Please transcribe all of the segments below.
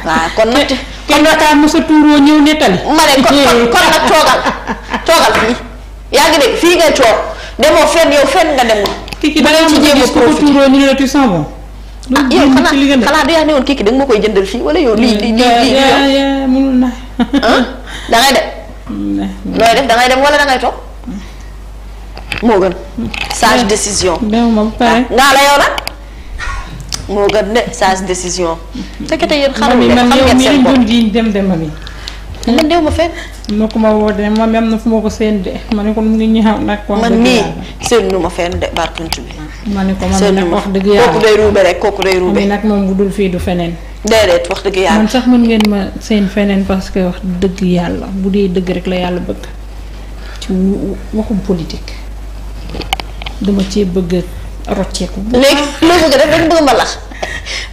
waaw kon nag kenn kaa mos a tuuroo ñëw nettali. ma ne kon kon kon nag toogal fii yaa ngi dégg fii ngay toog demoo fenn yow fenn nga dem. nga a profité tuuroo ñu ne la ah, koy jëndal fii wala yow. lii lii lii yow mënul na. Ah, da ngay dem. nooy def da dem wala da ngay mm. moo gën. sage mm. décision. dem pare. Ah, ngaa la yow nag. moo gën ne sage décision. fekkete yéen dem dem mami. man dew ma fenn. ma ko ma woo de ma am na fu ma ko seen de ma ne ko nit ñi xam nag. wax man nii seen nu ma fenn de bartunt bi. ma ne ko man nag wax dëgg yàlla kooku kooku day ruube. nag moom bu dul du feneen. wax dëgg yàlla. man sax mën ngeen ma seen feneen parce que wax dëgg yàlla bu dee dëgg rek la yàlla bëgg ci waxum politik dama cee bëgg a loo bëgg def rek bëgg mbalax.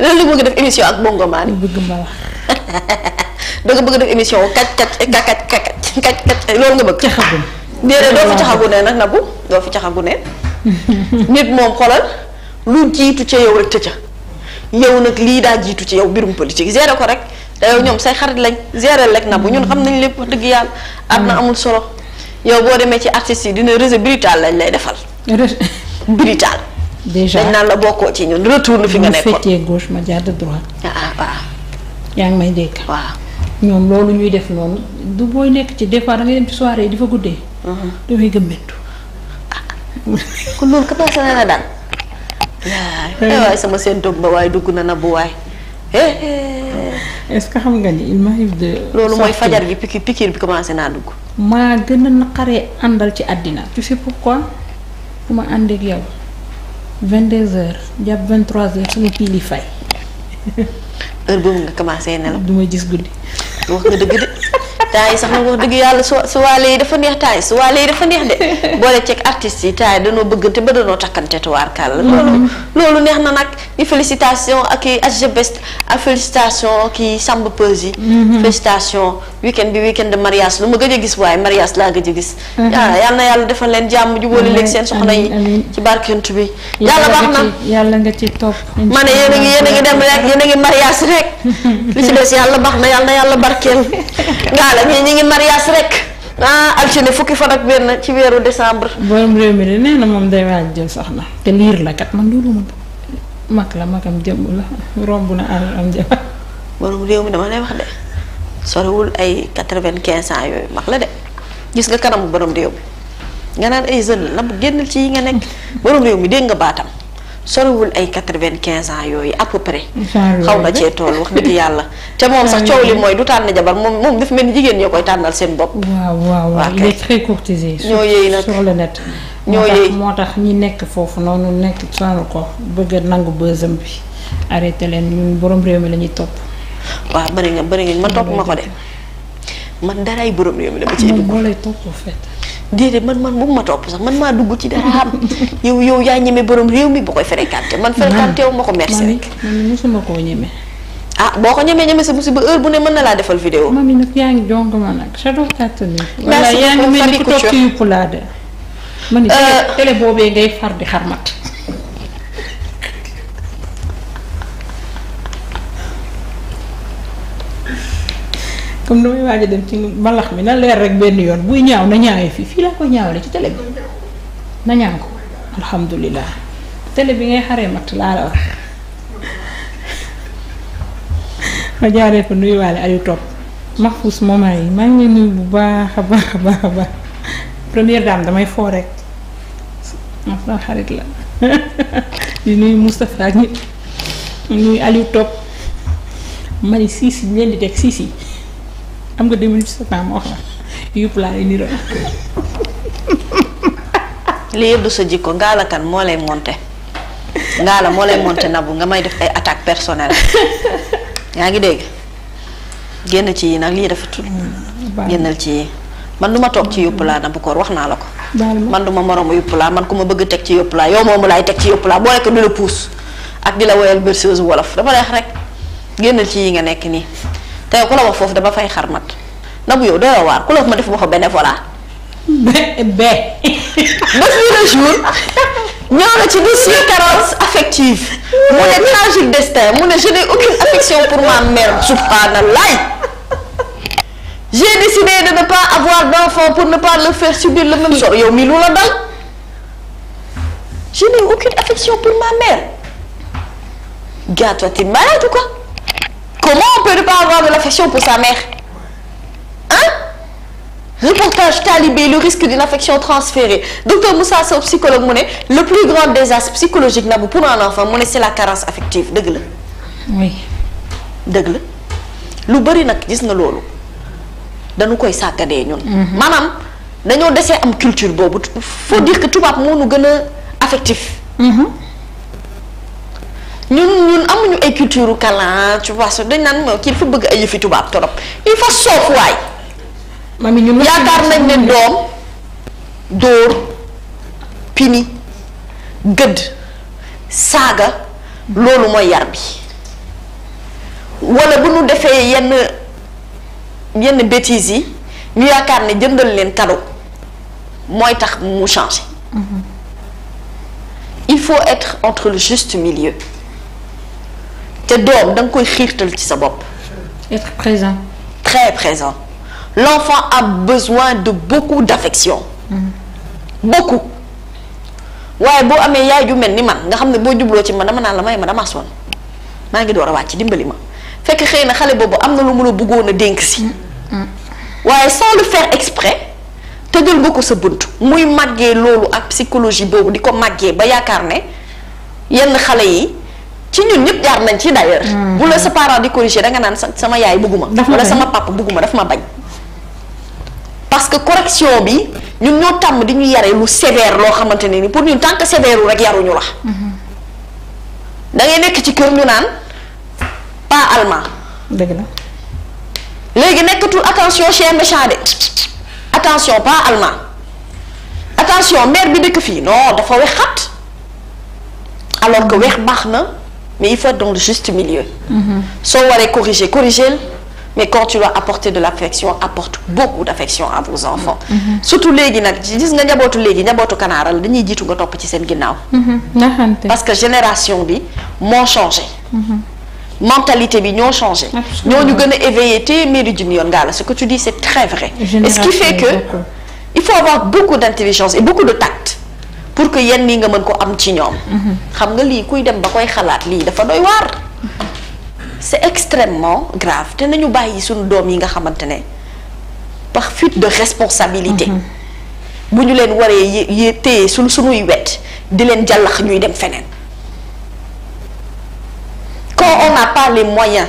lan la bëgg def émission ak Bongo Maane. bëgg mbalax. da nga bëgg def émission kàcc kàcc kàcc kàcc kàcc loolu nga bëgg. caxagu ne déedéet doo fi caxagu ne nag Nabou doo fi caxagu ne. nit moom xoolal lu jiitu ca yow rek tëca yow nag lii daa jiitu ci yow mbirum politique gérer ko rek te yow ñoom say xarit lañ gérer rek Nabou ñun xam nañ lépp wax dëgg yàlla. na mm. amul solo yow boo demee ci artistes yi dina réseau brutal lañ lay defal. brutal. déjà dañ la bokkoo ci ñun retourne fi nga nekkoon bu fekkee ma jàdd droite. ah waaw. Ah, ah. yaa ngi may dégg. ñoom loolu ñuy def noonu du booy ci des fois yi di guddee. Mhm. da ngay gëmmentu. Ah, eh. ba waaye dugg na na bu waay. Eh, eh. est-ce que xam nga ni loolu mooy fajar gi piqûre commencé naa dugg. maa gën a naqaree àndal ci àddina. tu sais pourquoi fu ma ànd ak 22 heures jàpp 23 heures sama pile yi fay. heure boobu nga commencé nelaw. du ma gis guddi. wax nga dëgg de. temps yi sax nag wax dëgg yàlla su su waale yi dafa neex temps yi su waale yi dafa neex de boole ceeg artistes yi temps yi danoo bëggante ba danoo takkante tuwaarkàll loolu mm-hmm. loolu neex na nag ñu félicitation ak i HGBest ak félicitation kii Samba Peuz yi mm-hmm. félicitation weekend bi weekend de mariage lu ma gëj a gis waaye mariage laa gëj a gis mm-hmm. yàlla defal leen jàmm jubóoli seen soxna yi ci barkentu bi yàlla baax na yàlla nga ci ma ne yéen a ngi yéen a ngi dem rek yéen ngi mariage rek li ci des yàlla baax na yàlla yàlla barkeel def ñi ngi mariage rek ah altine fukki fan ak benn ci weeru décembre. borom réew mi moom day waaj jël soxna te liir la kat man loolu moom la magam jëmm na àll am jabar. réew mi dama lay wax de soriwul ay quatre-vingt-quinze ans yooyu mag la de gis nga kanamu borom réew mi nga naan ay jeunes la bu génn ci yi nga nekk borom réew mi dégg nga baatam. soriwul ay quatre-vingt-quinze ans yooyu à peu près. xaw na cee tool wax dëgg yàlla. te moom sax coow li mooy du tànn jabar moom moom dafa mel ni jigéen ñoo koy tànnal seen bopp. waaw waaw waaw il est très courtisé. net. moo tax ñi nekk foofu noonu nekk sonal ko bëgg a nangu bësam bi arrêté leen ñun borom réew mi la ñuy topp. waaw bëri nga bëri nga ma topp ma ko de man daray borom réew mi la ba topp en déedéet man man bu ma topp sax man maa dugg ci dara am yow yow yaa ñeme borom réew mi ba koy fréquenté man fréquenté wu ma ko merci rek man mosuma koo ñeme ah boo ko ñemee ñeme sa musiba heure bu ne mën na laa defal vidéo mami nag yaa ngi jong ma nag sa dox kàttan wala yaa ngi mel ni ku toog ci yupp laa de ni euh, télé boobee ngay far di xarmat comme damay waaj dem ci mbalax mi na leer rek benn yoon buy ñaaw na ñaawee fii fii laa ko la ci télé bi na ñaaw ko alhamdulilah télé bi ngay xaree matt laa la wax ma jaaree fa nuyuwaale ayu topp Mahfous yi maa ngi bu baax a baax a baax a damay foo rek sama la di nuyu Moustapha Top ma ni siis di teg am nga deux minutes sa ma wax la yëpp laa lay niroo. lii yëpp du sa jikko gaala kan moo lay monté gaala moo lay monté nabu nga may def ay attaque personnelle yaa ngi dégg génn ci yi nag lii dafa tudd. Mm, génnal ci yi man du ma toog ci yëpp laa mm. nabu koor wax naa la ko. man du ma moromu yëpp laa man ku ma bëgg teg ci yëpp laa yow moomu laay teg ci yëpp laa boo nekk du la puus ak di la woyal berceuse wolof dafa lay wax rek génnal ci yi nga nekk nii. te ku la wax foofu dama fay xarmat na bu yow doy waar ku la wax ma def waxu bénévolat. bé bé. ba fii le jour ñëw na ci dossier affective mu ne tragique destin mu ne je n'ai affection pour ma mère subhanallah j'ai décidé de ne pas avoir d'enfant pour ne pas le faire subir le même sort yow mii lu la dal je n'ai affection pour ma mère Comment on peut ne pas avoir de l'affection pour sa mère Hein Reportage talibé, le risque d'une affection transférée. Docteur Moussa Sow, psychologue, mu ne le plus grand désastre psychologique na bu pour un enfant mu ne c'est la carence affective dëgg la. dëgg la lu bari nag gis nga loolu dañu koy sàkkadee ñun. Mhm. maanaam dañoo desee am culture boobu faut dire que tubaab moo nu gën a affectif. Mhm. ñun ñun amuñu ay culture kalan tu vois dañ naan ma kii dafa bëgg ay yëfi tubaab torop il faut soof waay. mami ñun yaakaar nañ ne doom dóor pini gëdd saaga loolu mooy yar bi wala bu ñu defee yenn yenn bêtises yi ñu yaakaar ne jëndal leen cadeau mooy tax mu changer. Mm-hmm. il faut être entre le juste milieu. te doom danga koy xiirtal ci sa bopp. être présent. très présent l'enfant a besoin de beaucoup d'affection. Mm-hmm. beaucoup waaye boo amee yaay ju mel ni man nga xam ne boo jubloo ci man dama naa la may ma dama sonn maa ngi doo a wàcc dimbali ma fekk xëy na xale boobu am na lu mu la bëggoon a dénk si. Mm-hmm. waaye sans le faire exprès tëjal nga ko sa bunt muy màggee loolu ak psychologie boobu di ko màggee ba yaakaar ne yenn xale yi. ci ñun ñëpp jaar nañ ci d'ailleurs. Hmm. bu la sa parent di corriger da nga naan sama yaay bëgguma wala sama papa bëgguma daf ma bañ. parce que correction bi ñun ñoo tàmm di ñu yare lu sévère loo xamante ne ni pour ñu tant que sévère rek yaruñu la. Hmm. dangay nekk ci kër ñu naan pas allemand. dëgg la léegi nekkatul attention chien méchant de attention pas allemand attention mère bi dëkk fii non dafa weexat alors que weex baax na. mais il faut être dans le juste milieu soo waree corriger corriger mais quand tu dois apporter de l'affection apporte beaucoup d'affection à vos enfants surtout léegi nag gis nga njabootu léegi njabootu kanaara la dañuy jiitu nga topp ci seen ginnaaw parce que génération bi moo changé mentalité bi ñoo changé ñooñu gën a éveillé téeméeri junni yoon la ce que tu dis c'est très vrai et ce qui fait que il faut avoir beaucoup d'intelligence et beaucoup pour que yenn yi nga mën ko am ci ñoom. xam nga lii kuy dem ba koy xalaat lii dafa doy waar. c'est extrêmement grave te nañu bàyyi suñu doom yi nga xamante ne par fuite de responsabilité. Mm-hmm. bu ñu leen waree yé téye suñ suñuy wet di leen jàllax ñuy dem feneen. quand on n'a pas les moyens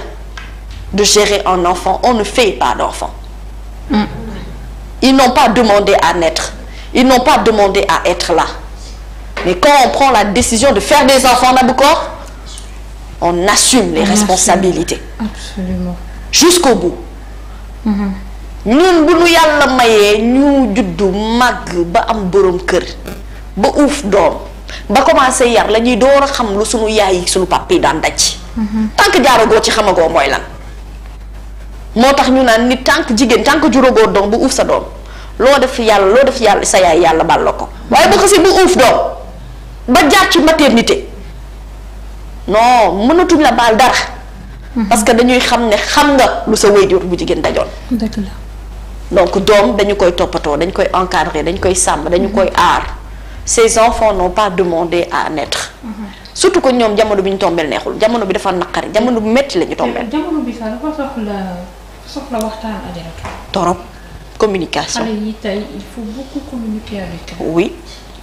de gérer un enfant on ne fait pas d'enfant. Mm. Ils n'ont pas demandé à naître. Ils n'ont pas demandé à être là. Mais quand on prend la décision de faire des enfants, Naboukor, on assume les on responsabilités. Assume. Absolument. Jusqu'au bout. Mhm. ñun bu ñu yàlla mayee ñu juddu màgg ba am borom kër ba uuf doom ba commencé yar la ñuy door a xam lu suñu yaay yi suñu papa yi daan daj. Mhm. tant que jaaragoo ci xamagoo mooy lan. moo tax ñu naan ni tànk jigéen tant que juróogoo doom bu uuf sa doom loo def yàlla loo def yàlla sa yaay yàlla bàll ko waaye bu xasee bu uuf doom. ba jaar ci maternité non mënatuñ la baal dara. Mhm. parce que dañuy xam ne xam nga lu sa waajur bu jigéen dajoon. donc doom dañu koy toppatoo dañu koy encadrer dañu koy sàmm dañu mhm. koy aar ces enfants n'ont pas demandé à naître. Mhm. surtout que ñoom jamono bi ñu tombeel neexul jamono bi dafa naqari jamono bu métti la ñu tombeel. jamono bi sax dafa soxla soxla waxtaan ajaratu. torop communication xale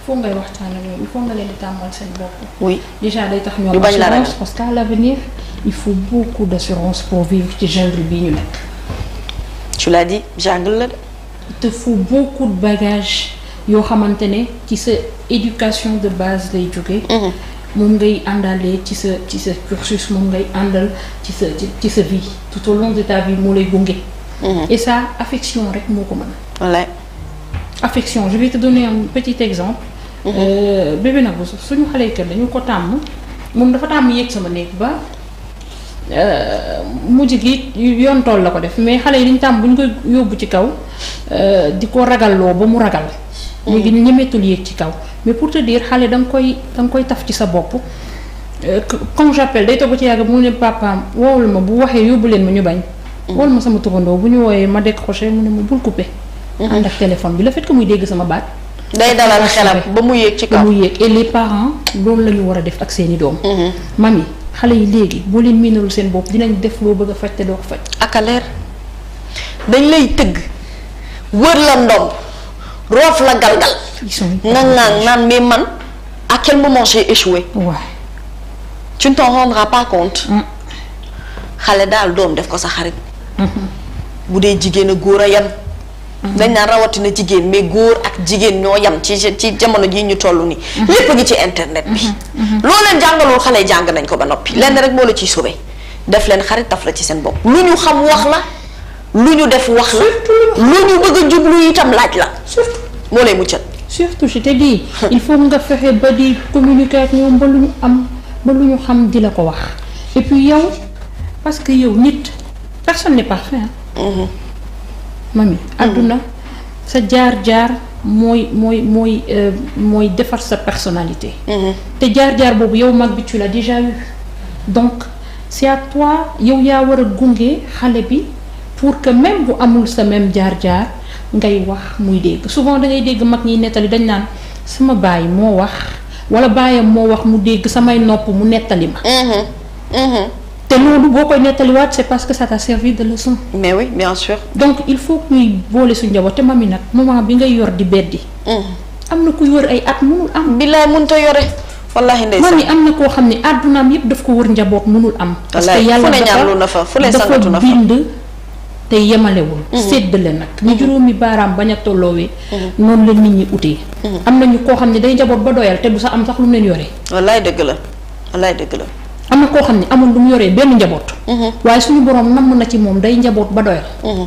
faut ngay waxtaan ak ñoom il faut nga leen di tàmmal seen bopp. oui déjà day tax ñoom assurance parce qu'à l'avenir il faut beaucoup d'assurance pour vivre ci jungle bii ñu nekk. tu l'as dit jungle la de. te faut beaucoup de bagages yoo xamante ne ci sa éducation de base lay jógee. Mhm. moom ngay àndalee ci sa ci sa cursus moom ngay àndal ci sa ci sa vie tout au long de vie moo lay gunge. Mhm. et ça affection rek moo ko mën. affection je vais te donner un petit exemple Euh, bébé nag bu suñu xale yi dañu ko tàmm moom dafa tàmm yéeg sama néeg ba euh, mujj gi yoon tool la ko def mais xale yi dañu tàmm bu ñu ko yóbbu ci kaw euh, di ko ragalloo ba mu ragal. Mm-hmm. mu ngi ñemeetul yéeg ci kaw mais pour te dire xale da koy da koy taf ci sa bopp. comme j'appelle day toog ba ci yàgg mu ne papaam woowul ma bu waxee yóbbu leen ma ñu bañ. Mm-hmm. woowul ma sama turandoo bu ñu wooyee ma décroché mu ne ma bul coupé. Mm-hmm. ànd ak téléphone bi la fait que muy dégg sama baat. day dalal xelam ba mu yéeg ci kaw ba mu yéeg et les parents loolu la ñu war a def ak seeni i doom. Mm-hmm. mami xale yi léegi boo leen miinalul seen bopp dinañ def loo bëgg a faj te doo ko faj. ak a leer dañ lay tëgg wër la ndomb roof la galgal. nga naan naan mais man à quel moment j'ai échoué. waaw tu ne t'en rendras compte. Mm. xale daal doom def ko sa xarit. Mm-hmm. bu dee jigéen a góor a yan. dañ naan rawatina jigéen mais góor ak jigéen ñoo yam ci ci jamono jii ñu toll nii. lépp ngi ci internet bi. loo leen xale yi jàng nañ ko ba noppi lenn rek moo la ciy sauvé def leen xarit taf la ci seen bopp lu ñu xam wax la lu ñu def wax lu ñu bëgg a jublu itam laaj la moo lay muccal. surtout je te dis il faut nga fexe ba di communiquer ak ñoom ba lu ñu am ba lu ñu xam di la ko wax et puis yow parce que yow nit personne n'est parfait. mami mm. adduna sa jaar-jaar mooy mooy mooy euh, mooy defar sa personnalité mm-hmm. te jaar-jaar boobu yow mag bi tu l'as déjà eu donc c'est à toi yow yaa war a gunge xale bi pour que même bu amul sa même jaar-jaar ngay wax muy dégg souvent da dégg mag ñiy nettali dañ naan sama baay moo wax wala baayam moo wax mu dégg samay nopp mu nettali ma mm-hmm. Mm-hmm. te loolu boo koy nettaliwaat c'est parce que ça t'a servi de leçon. mais oui bien faut boole suñu njaboot te mami nag moment bi ngay yor di beddi. Mm. am na ku yor ay at mënul am. billaay mënut a yore. wallaahi ndeysaan mami am na koo xam ne àddunaam yëpp daf ko wër njaboot mënul am. parce que yàlla dafa dafa bind. te yemalewul. Mm-hmm. séddale nag ni mm-hmm. juróomi baaraam bañ a tolloowee. Mm-hmm. noonu la nit ñi utee. am nañu koo xam ne day njaboot ba doyal te du sa am sax lu mu leen yore. wallaay dëgg la wallaay dëgg la. am na koo xam ne amul lu mu yoree benn njaboot. Mhm. waaye suñu borom namm na ci moom day njaboot ba doyal. Mhm.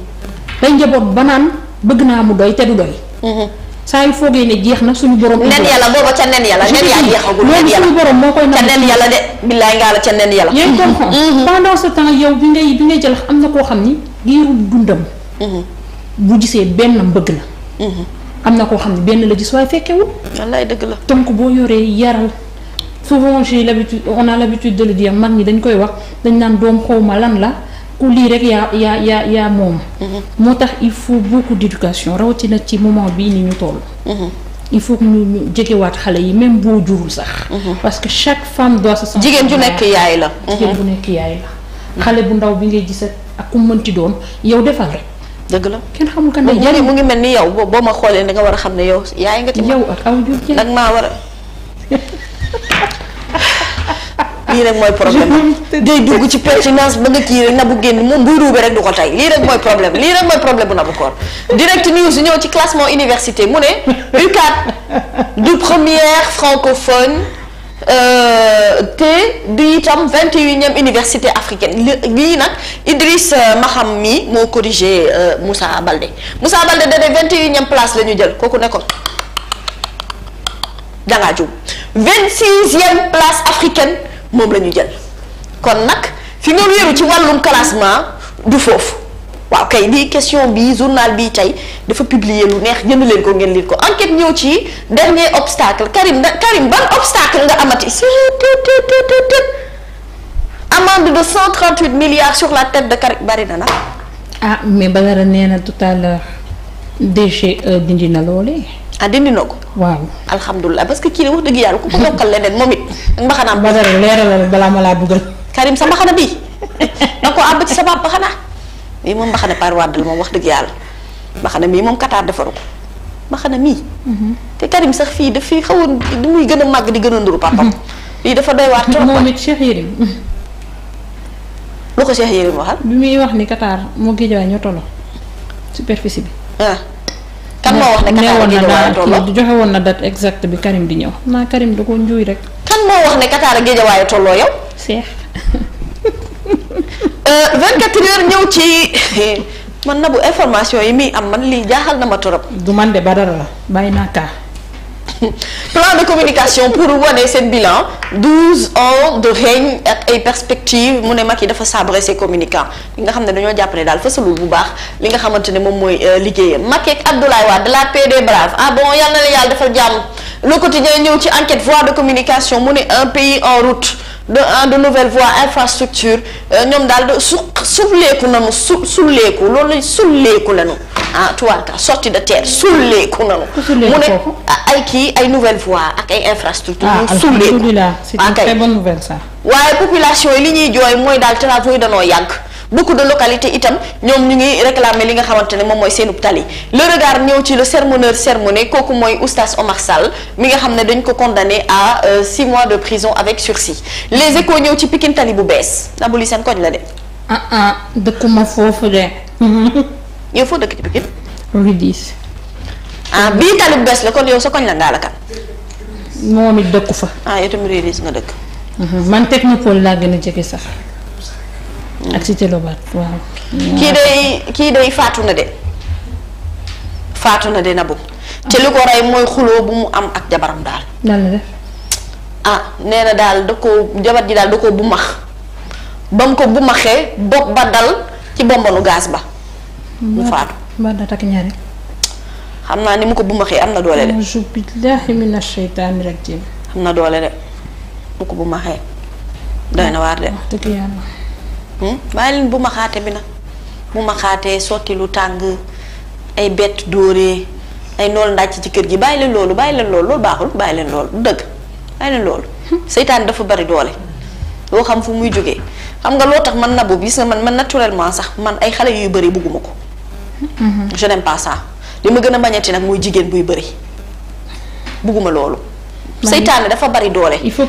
day ba naan bëgg naa mu doy te du doy. Mhm. saa yu ne jeex na suñu borom. nen yàlla booba ca nen yaa jeexagul nen yàlla suñu borom moo koy ca nen yàlla de am na koo xam ni giiru dundam. bu gisee benn mbëgg la. am na koo xam ne benn la gis waaye fekkewul. wallaay dëgg la donc boo yoree yaral. souvent j'ai l'habitude on a l'habitude de le dire mag ñi dañ koy wax dañ naan doom ma lan la ku lii rek yaa yaa yaa yaa moom mhm. moo tax il faut beaucoup d'éducation rawatina ci moment bii ni ñu toll mhm. il faut que ñu ñu jegewaat xale yi même boo jurul sax mhm. parce que chaque femme doit se sentir jigéen ju nekk yaay la jigéen ju nekk yaay la xale bu ndaw bi ngay gis ak ku mënti doon yow defal rek dëgg la kenn xamul kan ne mu ngi mel ni yow boo ma xoolee da nga war a xam ne yow yaay nga ci yow ak aw jur nag lii rek mooy problème day dugg ci pertinence ba nga kii na bu génn moom buy ruube rek du ko tey lii rek mooy problème lii rek mooy problème bu nabu koor direct news ñëw ci classement université mu ne UCAD du première francophone euh, te du itam vingt et unième université africaine lii nag Idriss euh, Maham mi moo corrigé euh, Moussa Balde Moussa Balde da ne vingt et unième place la ñu jël kooku nekkoon dangaa jum vingt sixième place africaine moom la ñu jël kon nag fi nga wéeru ci wàllum classement du foofu waaw kay lii question bi journal bi tey dafa publier lu neex jënd leen ko ngeen leen ko enquête ñëw ci dernier obstacle Karim Karim ban obstacle nga amati si amende de 138 milliards sur la tête de Karim bari na nag ah mais Badara nee na tout à l'heure dindi e na loolee ah dindi na ko. waaw alhamdulilah parce que kii wax dëgg yàlla ku ko yokkal leneen moom it. mbaxanaam ba dara leeralal balaa ma laa dugal. Karim sa mbaxana bii na ko àbb ci sa baab mbaxana mii moom mbaxana par wàddal moom wax dëgg yàlla mbaxana mii moom Qatar defaru ko mbaxana mii. Mhm. te Karim sax fii daf fi xawoon di muy gën a màgg di gën a nduru papam mhm. lii dafa doy waar trop moom it Cheikh Yérim lu ko Cheikh Yérim waxal. bi muy wax ni Qatar moo géej waay tolloo superficie bi. Ah. kan moo wax ne Qatar ak Guédiawaye a tolloo joxe woon na date exacte bi Karim di ñëw naa Karim da ko njuuy rek. kan moo wax ne kataara ak Guédiawaye a tolloo yow. Cheikh. 24 euh, heures ñëw ci man na bu information yi muy am man lii jaaxal na ma trop. du man de ba dara la bàyyi naa kaa. plan de communication pour wane seen bilan 12 en de règne ak ay perspectives mu ne yi dafa sabré ses communicants nga xam ne dañoo jàpp ne daal fësalul bu baax li nga xamante ne moom mooy euh, liggéeyam Macky ak Abdoulaye Wade la paix des braves ah bon yàlla na yàlla dafa jàmm le quotidien ñëw ci enquête voie de communication mu ne un pays en route. de de nouvelle voie infrastructure euh, ñoom daal de su sulleeku nanu su sulleeku loolu lañ sulleeku nanu ah tubaarka sorti de terre sulleeku nanu mu ne ay kii ay nouvelle voie ak ay infrastructure ah, ñu sulleeku waaw ah, kay waaye population yi li ñuy jooy mooy daal travaux yi danoo yàgg beaucoup de localité itam ñoom ñu ngi réclamer li nga xamante ne moom mooy seenub tali le regard ñëw ci le sermonneur sermonné kooku mooy oustaz Omar Sall mi nga xam ne dañ ko condamné à euh, six mois de prison avec sursis les échos ñëw ci Pikine tali bu bees Nabou Leye seen koñ la de. ah ah dëkkuma foofu de. yow foo dëkk ci Pikine. rue 10. ah bii tali bu bees la kon yow sa koñ la ngaa la kan. moom it dëkku fa. ah yow tamit rue nga dëkk. Mhm. man technopole laa gën a jege sax. ak cité Lobat waaw. kii dey kii day faatu na de faatu na de Nabou te li ko rey mooy xuloo bu mu am ak jabaram daal. lan la def. ah nee daal da koo jabar ji daal da koo bu max ba mu ko bu maxee ba dal ci bombanu gaas ba. mu faatu mbaa da takk xam naa ni mu ko bu am na doole de. na doole de mu ko bu doy na waar de. dëgg yàlla. Hmm? bàyyi leen bu ma xaate bi nag bu ma xaatee sotti lu tàng ay bett dóoree ay nool ndàcc ci kër gi bàyyi leen loolu bàyyi leen loolu loolu baaxul bàyyi leen loolu du dëgg bàyyi leen loolu hmm? seytaan dafa bari doole loo xam fu muy jógee xam nga loo tax man nabu gis nga man man naturellement sax man ay xale yuy bëri bugguma ko hmm? je ma gën a bañati nag mooy jigéen buy bëri bugguma loolu seytaane dafa bari doole il faut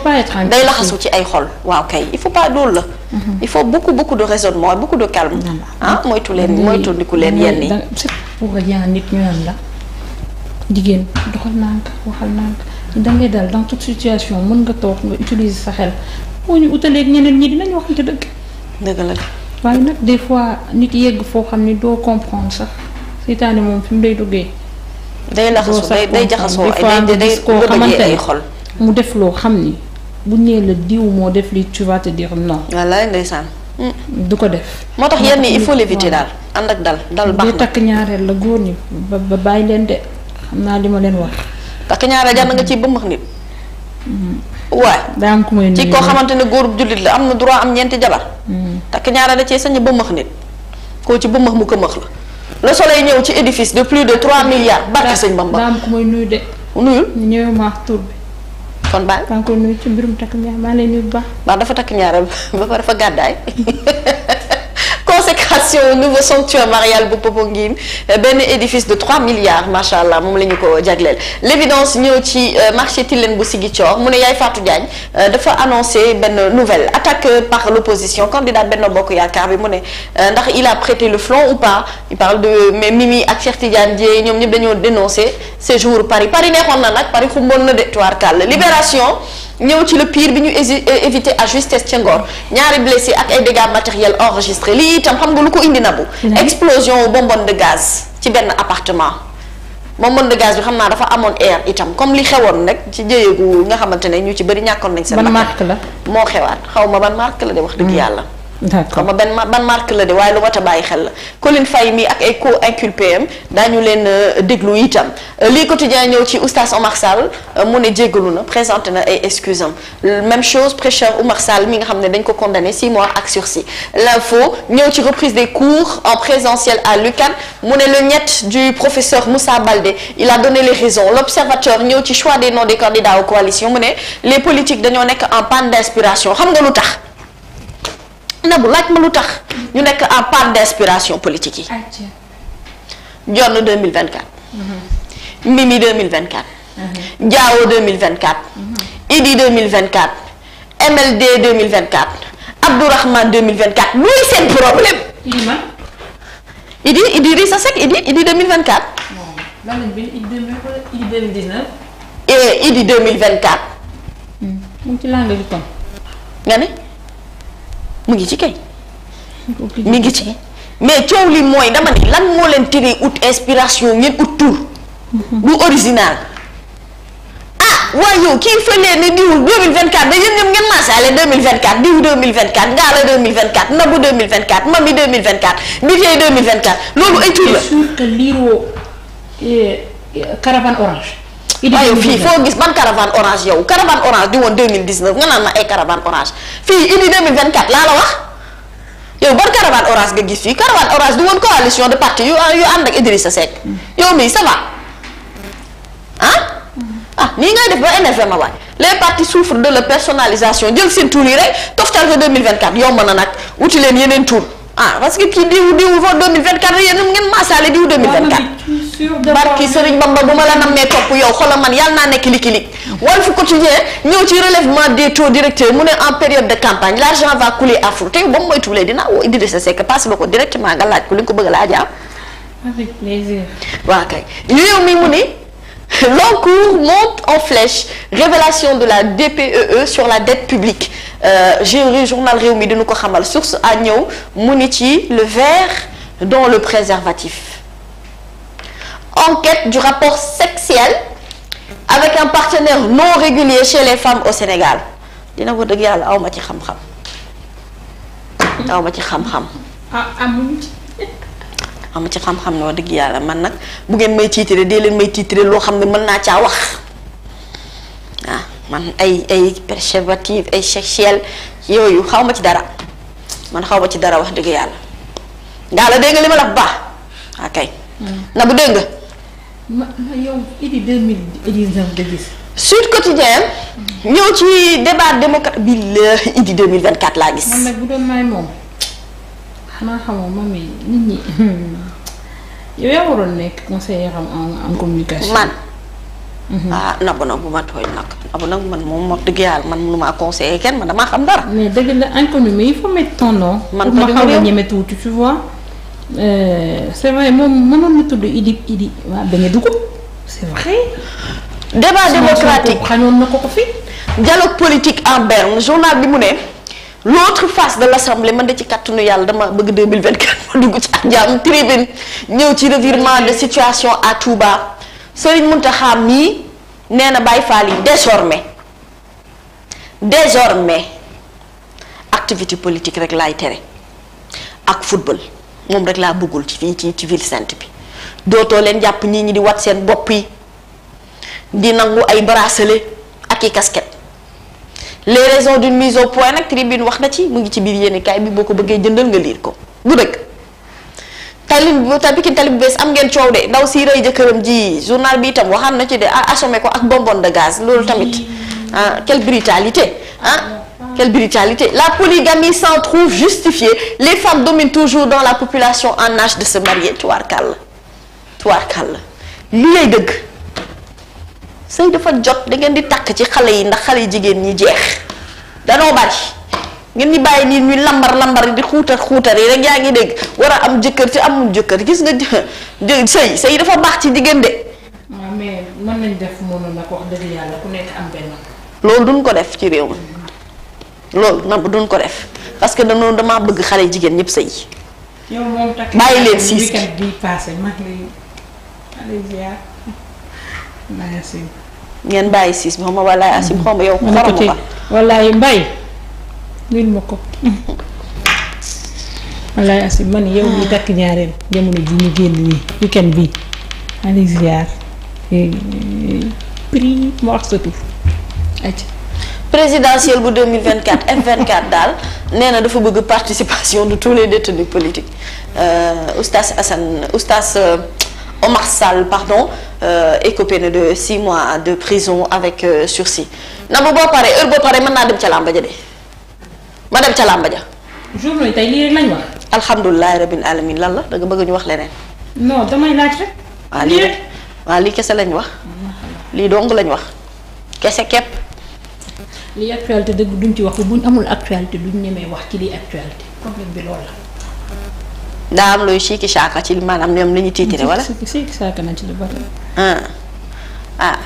day laxasu ci ay xol waaw kay loolu la il faut beaucoup beaucoup de raisonnement beaucoup de calme. ah moytu leen moytandiku leen yenn yi. pour rien nit ñu naan la jigéen doxal nànk waxal nànk da ngay dal dans toute situation mën nga toog nga utiliser sa xel boo ñu utaleeg ñeneen ñi dinañ waxante dëgg. dëgg la waaye nag des fois nit yegg foo xam ni doo comprendre sax seytaane moom fi mu lay duggee. day laxasu day jaxasoo ay day day ay xol mu def loo xam ni. bu ñu nee la diw moo def li tu vas te dire non. wallaay ndeysaan. Mm. du ko def. moo tax yenn yi il faut l'éviter daal ànd ak dal dal baax takk ñaareel la góor ñi ba ba bàyyi leen de xam naa li ma leen wax. takk ñaareel jar na nga ciy bëmmax nit. Mm. waaw daa ku may ci koo xamante ne góor bu jullit am na droit am ñeenti jabar. Mm. takk ñaareel la cee sañ bëmmax nit koo ci bëmmax mu këmmax la le soleil ñëw ci édifice de plus de 3 milliards. barke sëñ Bamba daa am ku may nuyu de. nuyul ñëw ma tur bi. kon baal. maa ngi koy nuyu ci mbirum takk ñaar maa ngi lay nuyu bu baax. ndax dafa takk ñaar ba pare dafa gàddaay. inauguration nouveau sanctuaire marial bu Popenguine eh benn édifice de 3 milliards macha allah moom la ñu ko jagleel l'évidence ñëw ci euh, marché Tilène bu Ziguinchor mu ne Yaay Fatou Diagne euh, dafa annoncé benn nouvelle attaque par l'opposition candidat benn Bokk Yaakaar bi mu ne euh, ndax il a prêté le flanc ou pas il parle de mais Mimi ak Cheikh Tidiane Dièye ñoom ñëpp dañoo dénoncé séjour Paris Paris neexoon na nag Paris xumboon na de Touare Libération. ñëw ci la piir bi ñu éviter à justesse ca Ngor ñaari blessé ak ay dégâts matériels enregistrés lii itam xam nga lu ko indi na bu explosion bonbonne de gaz ci benn appartement bonbonne de gaz bi xam naa dafa amoon air itam comme li xewoon nag ci jëyeegu nga xamante ne ñu ci bëri ñàkkoon nañ seen. ban marque la moo xewaat xaw ma ban marque la de wax dëgg mm. yàlla. xam nga ban ban marque la de waaye lu mat bàyyi xel la Colin Faye mi ak ay co inculpé am leen euh, déglu itam euh, lii quotidien ñëw ci oustaz Omar euh, mu ne jéggalu na présente na ay excuse am même chose prêcheur Omar Sall mi nga xam ne dañ ko condamné 6 mois ak sursis l'info ñëw ci reprise des cours en présentiel à l'UCAD mu ne le ñett du professeur Moussa Baldé il a donné les raisons l'observateur ñëw ci choix des noms des candidats aux coalitions mu ne les politiques dañoo nekk en panne d'inspiration xam nga lu tax Nabou laaj ma lu tax ñu nekk en panne d'inspiration politique yi. Jonn 2024. Mimi 2024. Diao 2024. Idi 2024. MLD 2024. Abdourahmane 2024 vingt seen problème. Idi Idrissa Seck Idi Idi 2024. lan lañ bind Idi 2019. et Idi 2024. mu ngi ci làng bi kon. nga ne. mu ngi ci kay mu ngi ci mais coow li mooy dama ne lan moo leen tere ut inspiration ngeen ut tur mhm. bu original ah waaye yow kii fëlee ne diw 2024 da yéen ñoom ngeen maasaale 2024 diw 2024 ngaala 2024 nabu 2024 mami 2024 bijey 2024 loolu ay tur la sûr que liiroo caravane orange waaye fii foo gis ban caravane orange yow caravane orange di woon 2019 nga naan ma ay caravane orange fii indi 2024 laa la wax yow ban caravane orange nga gis fii caravane orange di woon coalition de parti yu yu ànd ak Idrissa Seck yow mii ça va ah nii ngay def ba énervé a waay les partis souffrent de la personnalisation jël seen tour yi rek toftal ko 2024 yomb na nag wuti leen yeneen tour ah parce que kii diwu diwu foofu 2024 yéen barki Serigne Bamba bu ma la nammee topp yow xoolal man yàlla naa nekk likilig Walf Quotidien ñëw ci relèvement des taux directeurs mu ne en période de campagne l'argent va couler à te yow ba mu moytuwulee dinaa woo Idrissa Seck passe ba ko directement nga laaj ko li nga ko bëgg a laajaa. Ah. avec kay réew mi mu ne l'encours monte en flèche révélation de la DPEE e sur la dette publique euh, journal réew mi dinu ko xamal source à ñëw mu ni ci le verre dans le préservatif. enquête du rapport sexuel avec un partenaire non régulier chez les au Sénégal dina ko dëgg yàlla awma ci xam-xam awma ci xam-xam ah, awma ci xam-xam noo dëgg yàlla man nag bu ngeen may tiitire dee leen may tiitire loo xam ne mën naa caa wax waaw ah, man ay ay préservatif ay sexuel yooyu xaw ma ci dara man xaw ma ci dara wax dëgg yàlla daal la dégg li ma la baax ok ah, hmm. na bu dégg ma ma yow Idy 2019 nga gis. Sud Quotidien. ñëw ci débat démocrate bi la Idy 2024 laa gis. man nag bu doon may moom xanaa xamoo moom it nit ñi yow yaa waroon nekk conseiller xam en en communication. man. ah nabu nag bu ma tooñ nag nabu nag man moom wax dëgg yàlla man mënu maa conseiller kenn man damaa xam dara. mais dëgg la inconnu mais il faut mettre ton nom. man ma xaw a ñeme tuuti tu vois. Euh, c' est moom mënoon na tudd Iddi Iddi waaw bañ a dugub c' débat démocratique xañoon na ko ko fi. dialogue politique en berne journal bi mu ne l' autre face de l' assemblée man de ci kàttanu yàlla dama bëgg 2024 ma dugg ci ak jàmm tribune ñëw ci revirement de situation à Touba Serigne Mountakha mii nee na Baye Fall yi désormais désormais activité politique rek lay tere ak football. moom rek laa bëggul ci fii ci ci ville sainte bi dootoo leen jàpp nii ñi di wat seen bopp yi di nangu ay bracelet ak i casquette le raisons d'une mise au point nag tribune wax na ci mu ngi ci biir yéenekaay bi boo ko bëggee jëndal nga liir ko bu dëkk tali ta Pikine tali bu bees am ngeen coow de ndaw si rey jëkkëram ji journal bi itam waxaan na ci de ah, assommé ko ak bonbonne de gaz loolu tamit ah quelle brutalité ah Quelle brutalité. La polygamie s'en trouve justifiée. Les femmes dominent toujours dans la population en âge de se marier. Tubaarkàlla tubaarkàlla lii lay dëgg sëy dafa jot dangeen di takk ci xale yi ndax xale yi jigéen ñi jeex danoo bari ngeen di bàyyi nit ñuy lambar lambar yi di xuutar xuutar yi rek yaa ngi dégg war a am jëkkër ci amul jëkkër gis nga sëy sëy dafa baax ci jigéen de. Ah, waaw loolu duñ ko def ci réew mi. loolu man duñ ko def parce que dañoo damaa bëgg xale jigéen ñëpp sëy yow moom takk bàyyi leen siis ki bii mag lay ngeen bàyyi siis bi xaw ma walaay asim xaw ma yow xorom ba walaay mbay lil ma ko walaay asim man yow mi takk ñaareel jamono ji ñu génn nii weekend bii allez ziar mu wax sa tur aj présidentielle bu 2024 F24 daal nee na dafa bëgg participation de tous les détenus politiques euh, oustaz Assane oustaz euh, Omar Sall pardon euh, écopé na de six mois de prison avec sursis na bu boo paree heure boo paree mën naa dem ca làmba ja de ma dem ca làmba ja. journaux alamin lan la da nga bëgg ñu wax leneen. non damay laaj rek. lii kese lañ wax. lii dong lañ wax kese képp. lii actualité dëgg duñ ci wax buñ amul actualité duñ ñemee wax ci lii actualité problème bi loolu la. daa am looy siiki saaka ci maanaam ñoom li ñu tiitire wala. siiki saaka na ci lu bari. ah, ah.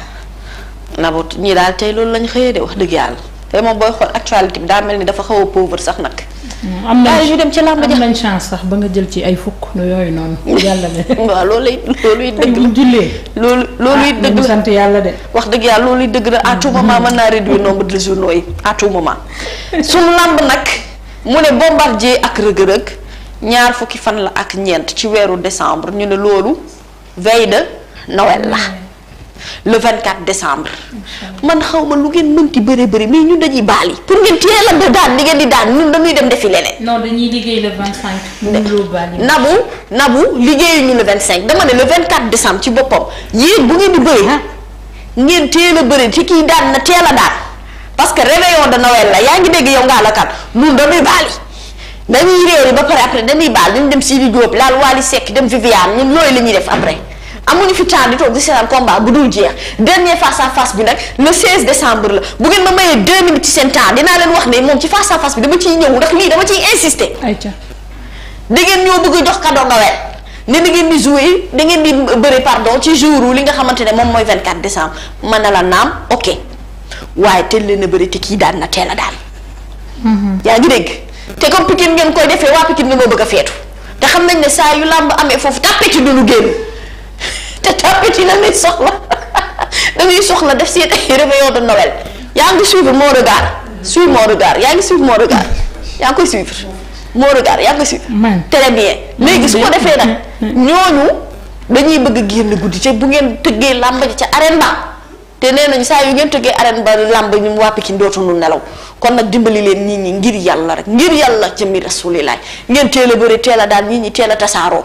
Nabou ñii daal tey loolu lañ xëyee de wax dëgg yàlla tey moom booy xool actualité bi daa mel ni dafa xaw a pauvre sax nag. am nañ ñu dem ci làmb am nañ chance sax ba nga jël ci ay fukk nu yooyu noonu. yàlla de waaw loolu it loolu dëgg la jullee. loolu loolu it ah, dëgg la sant yàlla de. wax dëgg yàlla loolu it dëgg la à tout moment mën naa réduire nombre de journaux yi à tout moment suñu làmb nag mu ne bombardier ak rëg-rëg ñaar fukki fan la ak ñeent ci weeru décembre ñu ne loolu veille de Noël la. le 24 décembre. man xaw ma lu ngeen mënti bëri bëri mais ñun dañuy baali pour ngeen teel a daan di ngeen di daan ñun dañuy dem defi leneen. non dañuy liggéey le 25. nabu nabu liggéeyuñu le 25 dama ne la le 24 décembre ci boppam yéen bu ngeen di bëri ah. ngeen teel a bëri ci kii daan na teel a daan parce que réveillon de Noël la yaa ngi dégg yow ngaa la kat ñun dañuy baali. dañuy réer ba pare après dañuy baal dañu dem Sidi Diop laal Wally Seck dem Viviane ñun looy la ñuy def après. amuñu fi temps di toog di seetaan combat bu dul jeex dernier face à face bi nag le 16 la bu ngeen ma mayee deux minutes ci seen temps dinaa leen wax ne moom ci face à face bi dama ciy ñëw ndax lii dama ciy insister. ayca ngeen ñoo bëgg jox cadeau Noël ne da ngeen di jouer da di bëri pardon ci jour li nga xamante ne moom mooy 24 décembre mën na la naam ok waaye teel leen a bëri te kii daan na teel a daal. Mhm. yaa ngi dégg te comme Pikine ngeen koy defee waa Pikine ni moo bëgg saa yu làmb amee foofu tàppe ci du te tapit yi lañuy soxla dañuy soxla def seen ay réveillon de Noël yaa ngi suivre mon regard suivre mon regard yaa ngi suivre mon regard yaa ngi koy suivre mon regard yaa ngi koy très bien léegi su ko defee nag mm, mm, mm, ñooñu dañuy bëgg génn guddi ca bu ngeen tëggee làmb ji ca arène ba te nee nañu saa yu ngeen tëggee arène ba làmb ñu wàpp ci dootuñu nelaw kon nag dimbali leen nit ñi ngir yàlla rek ngir yàlla jëmmi rasulilaay ngeen teel a bëri teel a daal nit ñi teel a tasaaroo.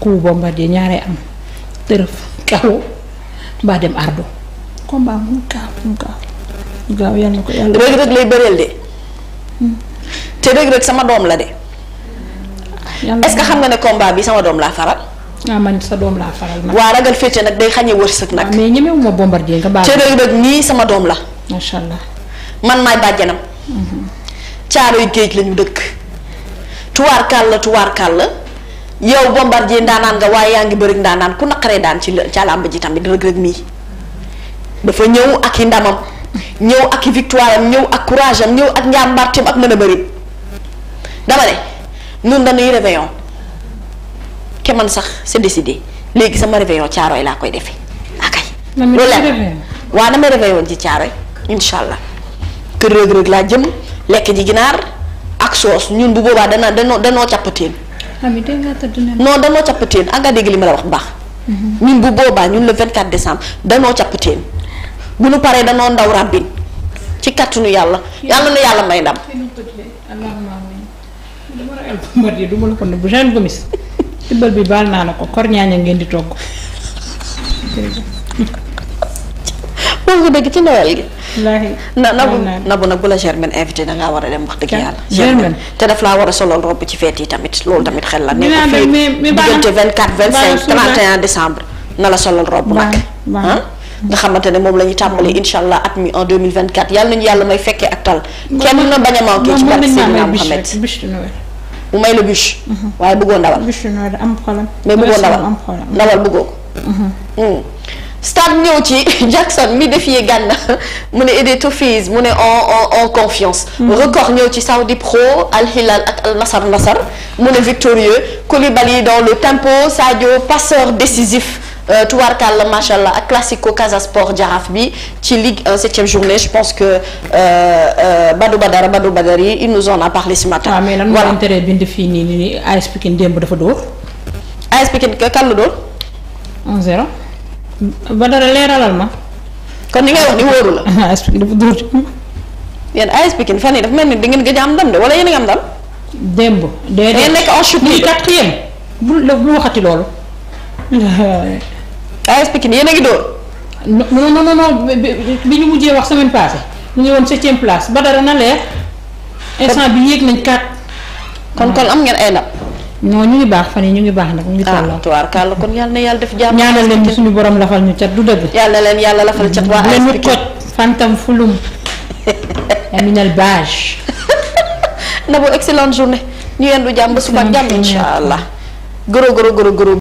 coup bombardier ñaaree am tërëf kaw mbaa dem ardo combat mu gaaw mu gaaw mu gaaw yàlla na ko yàlla. Reug Reug lay bëreel de hmm. te Reug Reug sama doom la de. est-ce xam nga ne komba bi sama doom laa faral. ah man sa doom laa faral nag. waaw ragal féete nag day xañee wërsëg nag. Ah, mais ñemewu ma nga baal te Reug Reug nii sama doom la. macha allah man maay bàjjanam. Mhm. caaroy géej lañu ñu dëkk. tuwaar kàll tuwaar kàll yow Bombardier ndaanaan nga waaye yaa ngi bëri ndaanaan ku naqaree daan ci ca làmb ji tamit rëg-rëg mii dafa ñëw ak i ndamam ñëw ak i victoire am ñëw ak courage ñëw ak njàmbaarteem ak mën a bëri dama ne ñun dañuy réveillon ke man sax c'est décidé léegi sama réveillon caaroy laa koy defe akay ah loolu la waaw damay réveillon ji caaroy incha allah kër rëg-rëg laa jëm lekk ji ginaar ak soos ñun bu boobaa dana danoo danoo càppateen non danoo cappateen anga dégg li ma la wax bu baax mhm. ñun bu boobaa ñun le 24 décembre danoo cappateen bu nu paree danoo ndaw ràbbin ci kàttanu yàlla yàlla na yàlla may ndam du ma la ko nëbb Jeanne Gomis tibbal bi baal naa la ko kor ñaaña ngeen di togg loolu nga ci Noël gi. na nabu nabu nag bu la Germaine invité da ngaa war a dem wax dëgg yàlla. te daf laa war a solol robe ci fête yi tamit loolu tamit xel la. dinaa ne mais mais baana diggante 24 25 31 décembre. na la solol robe nag. nga xamante moom la ñuy tàmbali incha allah at mi en 2024 yàlla nañu yàlla may fekkee ak tal. kenn na bañ a ci barke Seydina Mohamed mu may la bûche. Mhm. waaye bëggoo ndawal. bûche bëggoo ndawal ndawal bëggoo ko. Mhm. Hmm. stade ñëw ci Jackson mi défier gànna mu ne Ede Toffees mu ne en en en confiance. Hmm. record ñëw ci Saudi Pro Al Hilal ak Al Nassr Nassr mu ne victorieux Koulibaly dans le tempo Sadio passeur décisif. Euh, tubaarkàlla macha allah ak classico Casa Sport Jaraaf bi ci Ligue 1 septième journée je pense que euh, euh, Badou Badara Badou il nous en a parlé ce matin. Ah, mais lan voilà. moo intérêt bind fii nii nii démb dafa dóor. AS Pikine kan la dóor. ba dara leeralal ma. kon li ngay wax ni wóoru la. AS Pikine dafa dóor ci am. yéen AS fan yii dafa mel ni da ngeen gëj am ndam de wala yéen a ngi am ndam. démb. déedéet da ngeen nekk en chute. muy quatrième bu bu waxati loolu. AS Pikine yéen a ngi dóor. non bi ñu mujjee wax semaine passée ñu ngi woon septième place ba dara na leer. instant bi yéeg nañ quatre. kon kon am ngeen ay ndam. non ñu ngi baax fan yi ñu ngi baax nag. ñu ngi ah, tolloo tuwaar kàlla kon yàlla na yàlla def jàmm. ñaanal leen suñu borom lafal ñu cat du dëgg. yàlla leen yàlla lafal cat waa. leen ñu toj fantam fulum. aminal bage. na bu excellente journée. ñu yendu jàmm ba suba ak jàmm incha allah. goro goro goro goro.